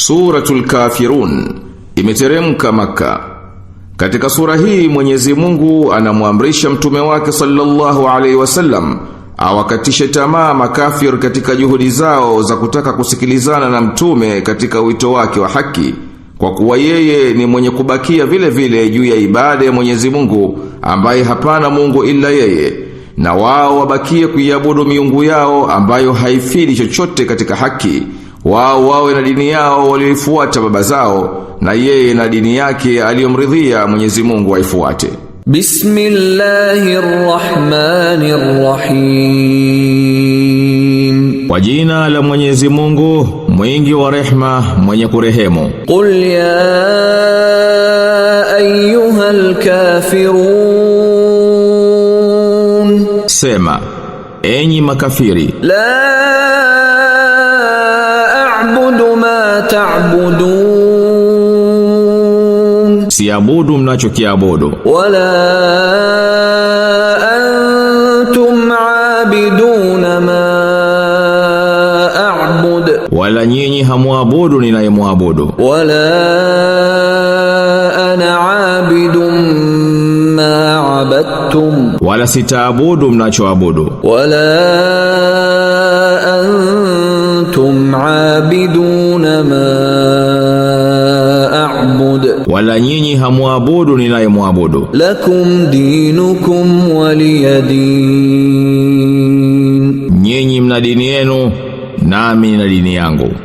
Suratul Kafirun imeteremka Maka. Katika sura hii Mwenyezi Mungu anamwamrisha mtume wake sallallahu alaihi wasallam awakatishe tamaa makafir katika juhudi zao za kutaka kusikilizana na mtume katika wito wake wa haki kwa kuwa yeye ni mwenye kubakia vile vile juu ya ibada ya Mwenyezi Mungu ambaye hapana Mungu ila yeye na wao wabakie kuiabudu miungu yao ambayo haifidi chochote katika haki wao wawe na dini yao walioifuata baba zao na yeye na dini yake aliyomridhia Mwenyezi Mungu aifuate. Bismillahirrahmanirrahim. kwa jina la Mwenyezi Mungu mwingi wa rehma mwenye kurehemu. Qul ya ayyuhal kafirun, sema enyi makafiri. La ta'budun, siabudu mnachokiabudu. Wala antum aabiduna ma a'bud, wala nyinyi hamwabudu ninayemwabudu. Wala ana aabidun wala sitaabudu mnachoabudu. Wala an aabiduna ma a'bud, wala nyinyi hamwabudu ninayemwabudu. Lakum dinukum waliyadin, nyinyi mna dini yenu nami na dini yangu.